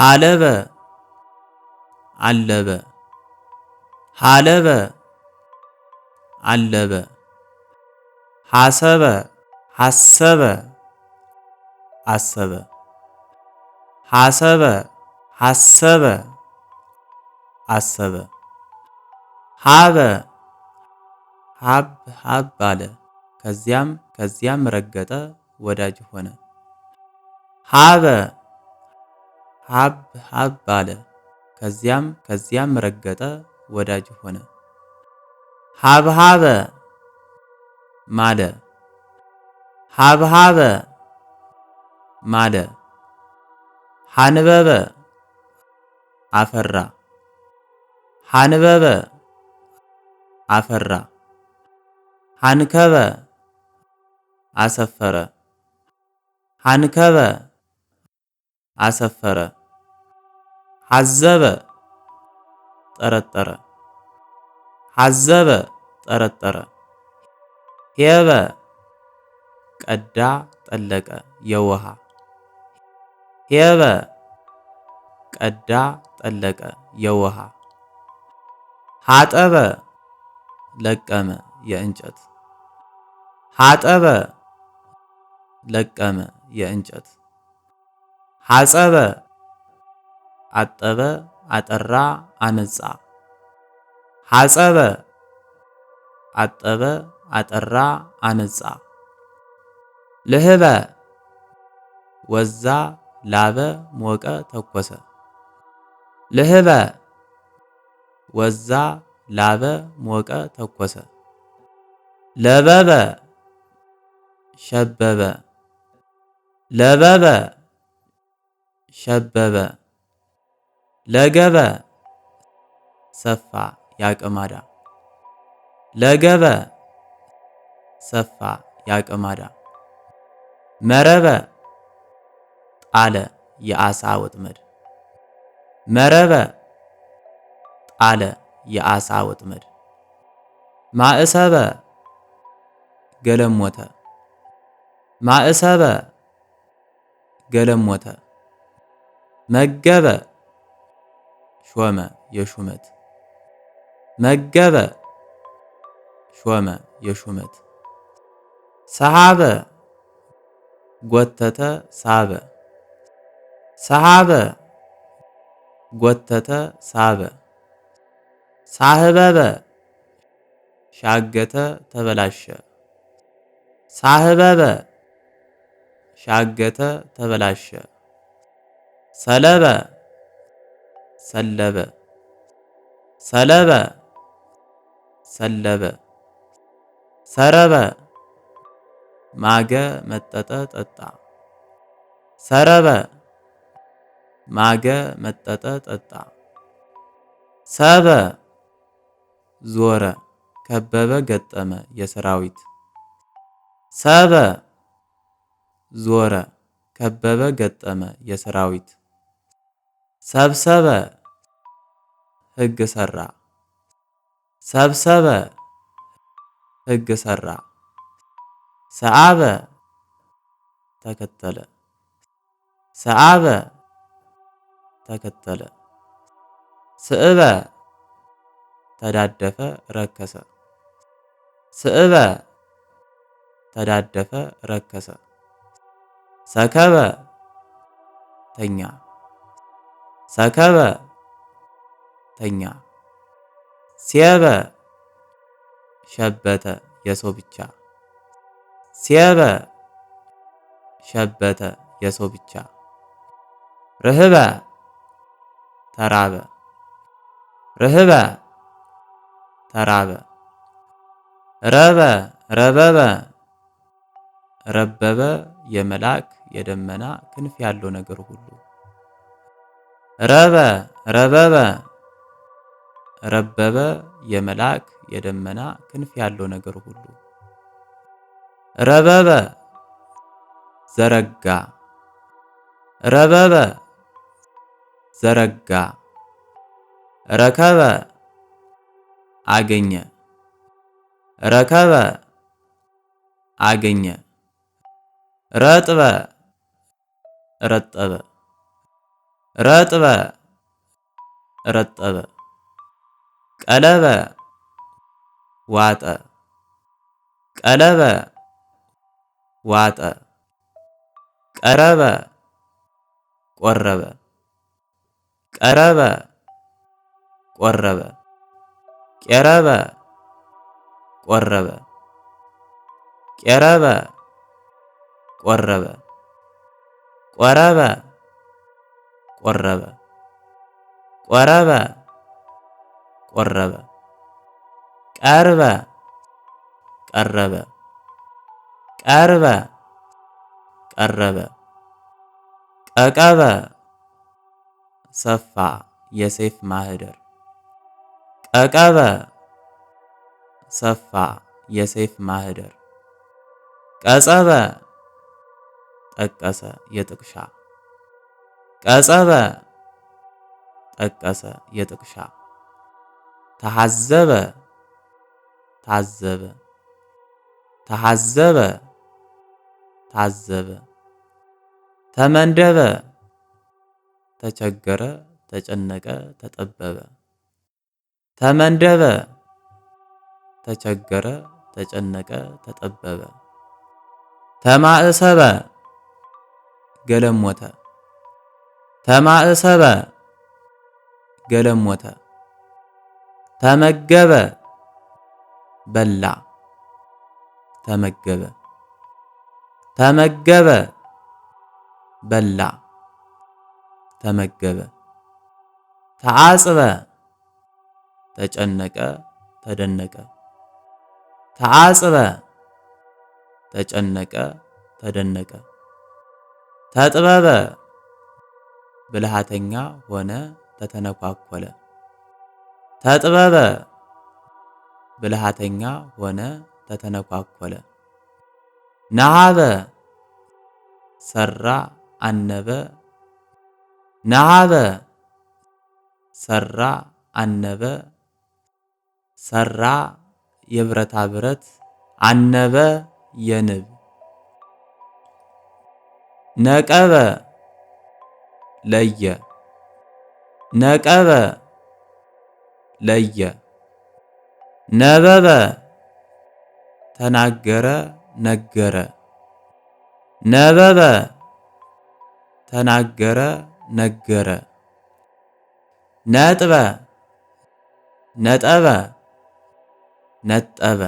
ሀለበ አለበ ሀለበ አለበ ሐሰበ ሐሰበ አሰበ ሐሰበ ሐሰበ አሰበ ሀበ ሀብ ሀብ አለ ከዚያም ከዚያም ረገጠ ወዳጅ ሆነ ሀበ ሀብ ሀብ አለ። ከዚያም ከዚያም ረገጠ፣ ወዳጅ ሆነ። ሀበ ማለ። ሀበ ማለ። ሀንበበ አፈራ። ሀንበበ አፈራ። ሀንከበ አሰፈረ። ሀንከበ አሰፈረ ሐዘበ ጠረጠረ ሐዘበ ጠረጠረ ሄበ ቀዳ ጠለቀ የውሃ ሄበ ቀዳ ጠለቀ የውሃ ሀጠበ ለቀመ የእንጨት ሀጠበ ለቀመ የእንጨት حسب عطب عطرع أنزع حسب عطب عطرع أنزع لهب وزع لعب موقع تقوس لهب وزع لعب موقع تقوس لبب شبب لبب ሸበበ ለገበ ሰፋ ያቀማዳ ለገበ ሰፋ ያቀማዳ መረበ ጣለ የአሳ ወጥመድ መረበ ጣለ የአሳ ወጥመድ ማእሰበ ገለሞተ ማእሰበ ገለሞተ መገበ ሾመ የሹመት መገበ ሾመ የሹመት ሰሃበ ጎተተ ሳበ ሰሃበ ጎተተ ሳበ ሳህበበ ሻገተ ተበላሸ ሳህበበ ሻገተ ተበላሸ ሰለበ ሰለበ ሰለበ ሰለበ ሰረበ ማገ መጠጠ ጠጣ ሰረበ ማገ መጠጠ ጠጣ ሰበ ዞረ ከበበ ገጠመ የሰራዊት ሰበ ዞረ ከበበ ገጠመ የሰራዊት ሰብሰበ ህግ ሰራ ሰብሰበ ህግ ሰራ ሰአበ ተከተለ ሰአበ ተከተለ ስእበ ተዳደፈ ረከሰ ስእበ ተዳደፈ ረከሰ ሰከበ ተኛ ሰከበ ተኛ ሲያበ ሸበተ የሰው ብቻ ሲያበ ሸበተ የሰው ብቻ ርህበ ተራበ ርህበ ተራበ ረበ ረበበ ረበበ የመልአክ የደመና ክንፍ ያለው ነገር ሁሉ ረበ ረበበ ረበበ የመልአክ የደመና ክንፍ ያለው ነገር ሁሉ። ረበበ ዘረጋ ረበበ ዘረጋ። ረከበ አገኘ ረከበ አገኘ። ረጥበ ረጠበ راتبا رتبة قلبة واتا قلبة واتا قربة قربة قربة قربة قربة قربة قربة قربة قربة قرب قرب قرب قرب قرب قرب قرب ققب صفع የሴፍ ማህደር ቀቀበ ሰፋ የሴፍ ማህደር ቀጸበ ጠቀሰ የጥቅሻ ቀጸበ ጠቀሰ የጥቅሻ ተሐዘበ ታዘበ ተሐዘበ ታዘበ ተመንደበ ተቸገረ ተጨነቀ ተጠበበ ተመንደበ ተቸገረ ተጨነቀ ተጠበበ ተማእሰበ ገለሞተ ተማእሰበ ገለሞተ ተመገበ በላ ተመገበ ተመገበ በላ ተመገበ ተዓጽበ ተጨነቀ ተደነቀ ተዓጽበ ተጨነቀ ተደነቀ ተጥበበ ብልሃተኛ ሆነ፣ ተተነኳኮለ። ተጥበበ ብልሃተኛ ሆነ፣ ተተነኳኮለ። ነሃበ ሰራ፣ አነበ። ነሃበ ሰራ፣ አነበ። ሰራ የብረታ ብረት፣ አነበ የንብ። ነቀበ ለየ ነቀበ ለየ ነበበ ተናገረ ነገረ ነበበ ተናገረ ነገረ ነጥበ ነጠበ ነጠበ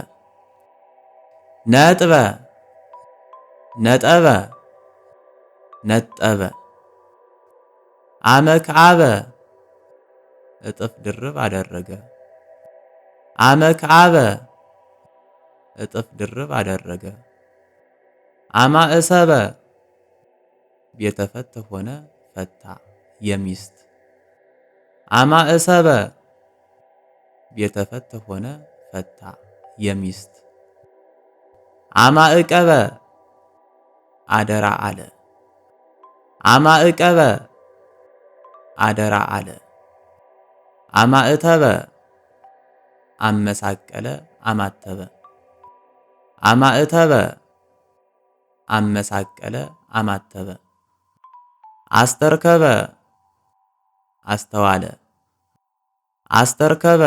ነጥበ ነጠበ ነጠበ አመክአበ እጥፍ ድርብ አደረገ አመክአበ እጥፍ ድርብ አደረገ አማእሰበ ቤተፈት ሆነ ፈታ የሚስት አማእሰበ ቤተፈት ሆነ ፈታ የሚስት አማእቀበ አደራ አለ አማእቀበ አደራ አለ። አማእተበ አመሳቀለ አማተበ አማእተበ አመሳቀለ አማተበ አስተርከበ አስተዋለ አስተርከበ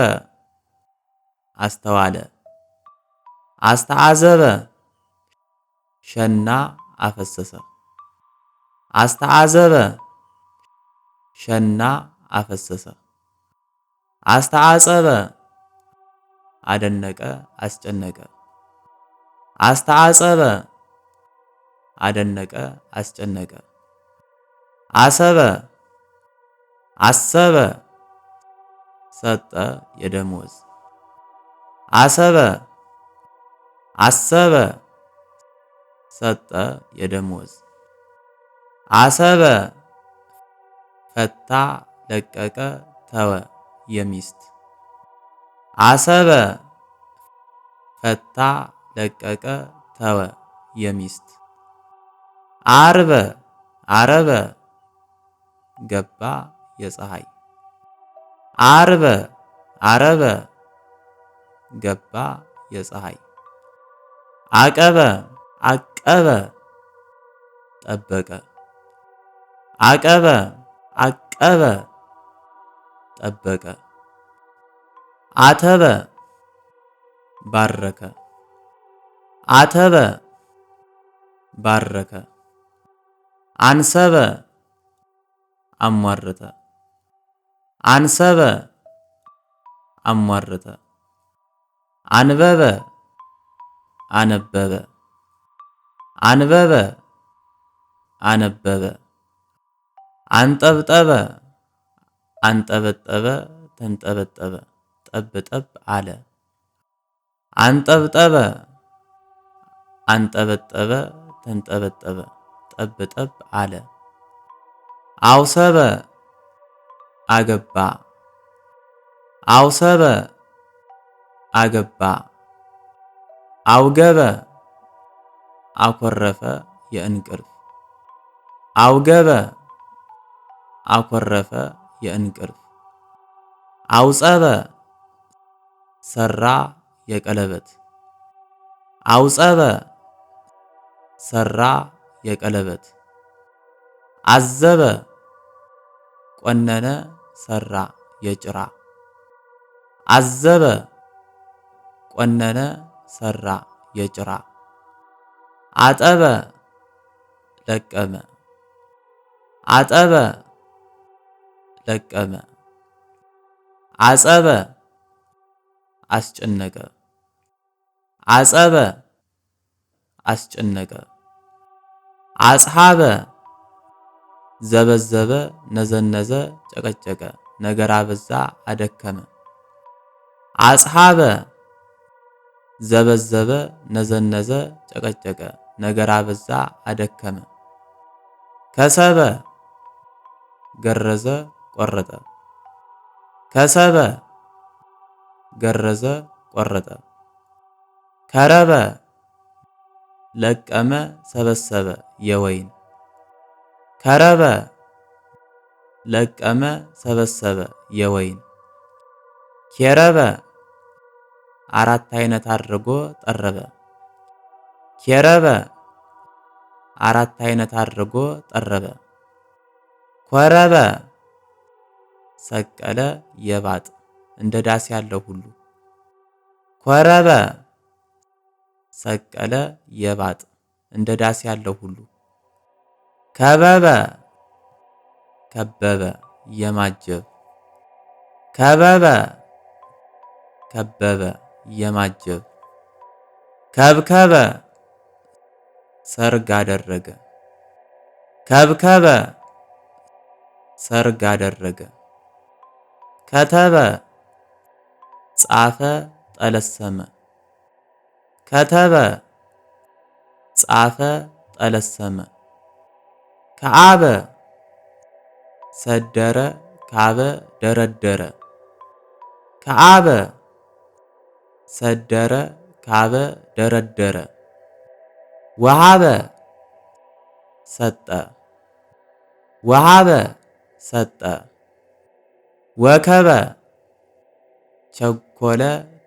አስተዋለ አስተዓዘበ ሸና አፈሰሰ አስተዓዘበ ሸና አፈሰሰ። አስተዓጸበ አደነቀ አስጨነቀ። አስተዓጸበ አደነቀ አስጨነቀ። አሰበ አሰበ ሰጠ የደሞዝ አሰበ አሰበ ሰጠ የደሞዝ አሰበ ፈታ፣ ለቀቀ፣ ተወ የሚስት አሰበ ፈታ፣ ለቀቀ፣ ተወ የሚስት አርበ አረበ ገባ የፀሐይ አርበ አረበ ገባ የፀሐይ አቀበ አቀበ ጠበቀ አቀበ አቀበ ጠበቀ አተበ ባረከ አተበ ባረከ አንሰበ አሟረተ አንሰበ አሟረተ አንበበ አነበበ አንበበ አነበበ አንጠብጠበ አንጠበጠበ ተንጠበጠበ ጠብጠብ አለ። አንጠብጠበ አንጠበጠበ ተንጠበጠበ ጠብጠብ አለ። አውሰበ አገባ አውሰበ አገባ አውገበ አኮረፈ የእንቅርፍ አውገበ አኮረፈ የእንቅልፍ አውጸበ ሰራ የቀለበት አውጸበ ሰራ የቀለበት አዘበ ቆነነ ሰራ የጭራ አዘበ ቆነነ ሰራ የጭራ አጠበ ለቀመ አጠበ ለቀመ። አጸበ አስጨነቀ አጸበ አስጨነቀ አጽሐበ ዘበዘበ ነዘነዘ ጨቀጨቀ ነገር አበዛ አደከመ አጽሐበ ዘበዘበ ነዘነዘ ጨቀጨቀ ነገር አበዛ አደከመ ከሰበ ገረዘ ቆረጠ ከሰበ ገረዘ ቆረጠ ከረበ ለቀመ ሰበሰበ የወይን ከረበ ለቀመ ሰበሰበ የወይን ኬረበ አራት አይነት አድርጎ ጠረበ ኬረበ አራት አይነት አድርጎ ጠረበ ኮረበ ሰቀለ የባጥ እንደ ዳስ ያለው ሁሉ ኮረበ ሰቀለ የባጥ እንደ ዳስ ያለው ሁሉ ከበበ ከበበ የማጀብ ከበበ ከበበ የማጀብ ከብከበ ሰርግ አደረገ ከብከበ ሰርግ አደረገ ከተበ ጻፈ ጠለሰመ ከተበ ጻፈ ጠለሰመ ከአበ ሰደረ ካበ ደረደረ ከአበ ሰደረ ካበ ደረደረ ወሃበ ሰጠ ወሃበ ሰጠ ወከበ ቸኮለ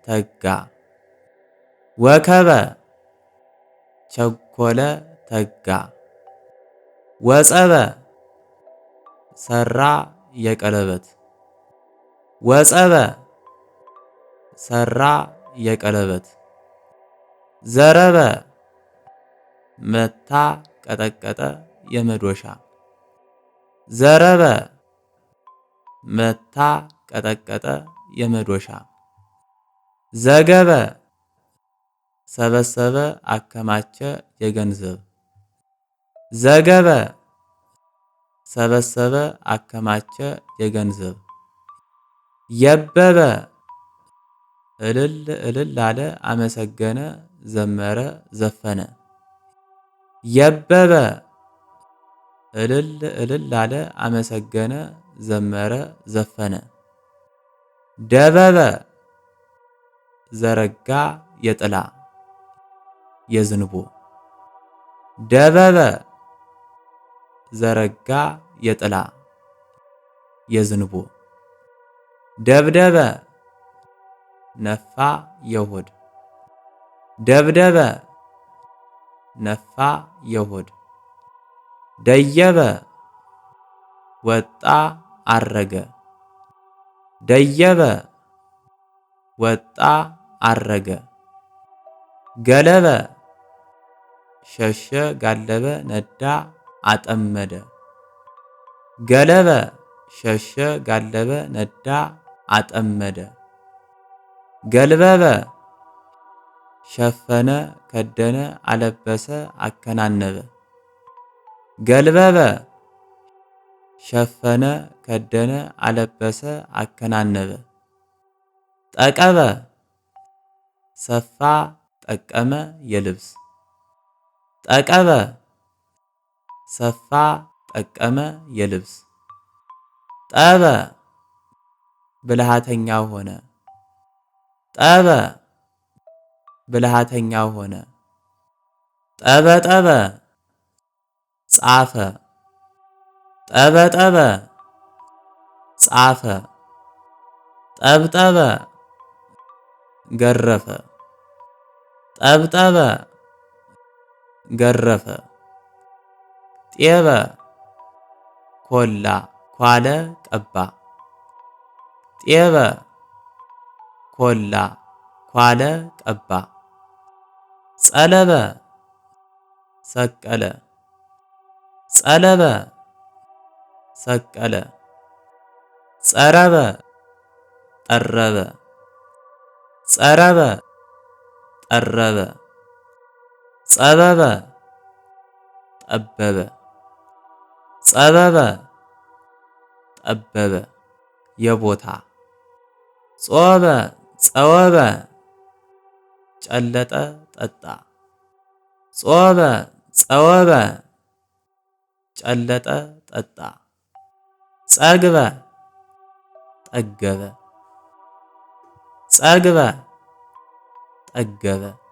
ተጋ ወከበ ቸኮለ ተጋ ወጸበ ሰራ የቀለበት ወጸበ ሰራ የቀለበት ዘረበ መታ ቀጠቀጠ የመዶሻ ዘረበ መታ ቀጠቀጠ የመዶሻ ዘገበ ሰበሰበ አከማቸ የገንዘብ ዘገበ ሰበሰበ አከማቸ የገንዘብ የበበ እልል እልል አለ አመሰገነ ዘመረ ዘፈነ የበበ እልል እልል አለ አመሰገነ ዘመረ፣ ዘፈነ። ደበበ ዘረጋ የጥላ የዝንቦ ደበበ ዘረጋ የጥላ የዝንቦ ደብደበ ነፋ የሆድ ደብደበ ነፋ የሆድ ደየበ ወጣ አረገ። ደየበ ወጣ አረገ። ገለበ ሸሸ ጋለበ ነዳ አጠመደ። ገለበ ሸሸ ጋለበ ነዳ አጠመደ። ገልበበ ሸፈነ ከደነ አለበሰ አከናነበ። ገልበበ ሸፈነ፣ ከደነ፣ አለበሰ፣ አከናነበ። ጠቀበ ሰፋ፣ ጠቀመ፣ የልብስ ጠቀበ ሰፋ፣ ጠቀመ፣ የልብስ ጠበ ብልሃተኛ ሆነ ጠበ ብልሃተኛ ሆነ ጠበጠበ ጻፈ ጠበጠበ ጻፈ ጠብጠበ ገረፈ ጠብጠበ ገረፈ ጤበ ኮላ ኳለ ቀባ ጤበ ኮላ ኳለ ቀባ ጸለበ ሰቀለ ጸለበ سكلا سأرابا أرابا سأرابا أرابا سأبابا أبابا سأبابا أبابا يبوتا صوابا صوابا جلتا تتا صوابا صوابا جلتا تتا ጸግበ ጠገበ ጸግበ ጠገበ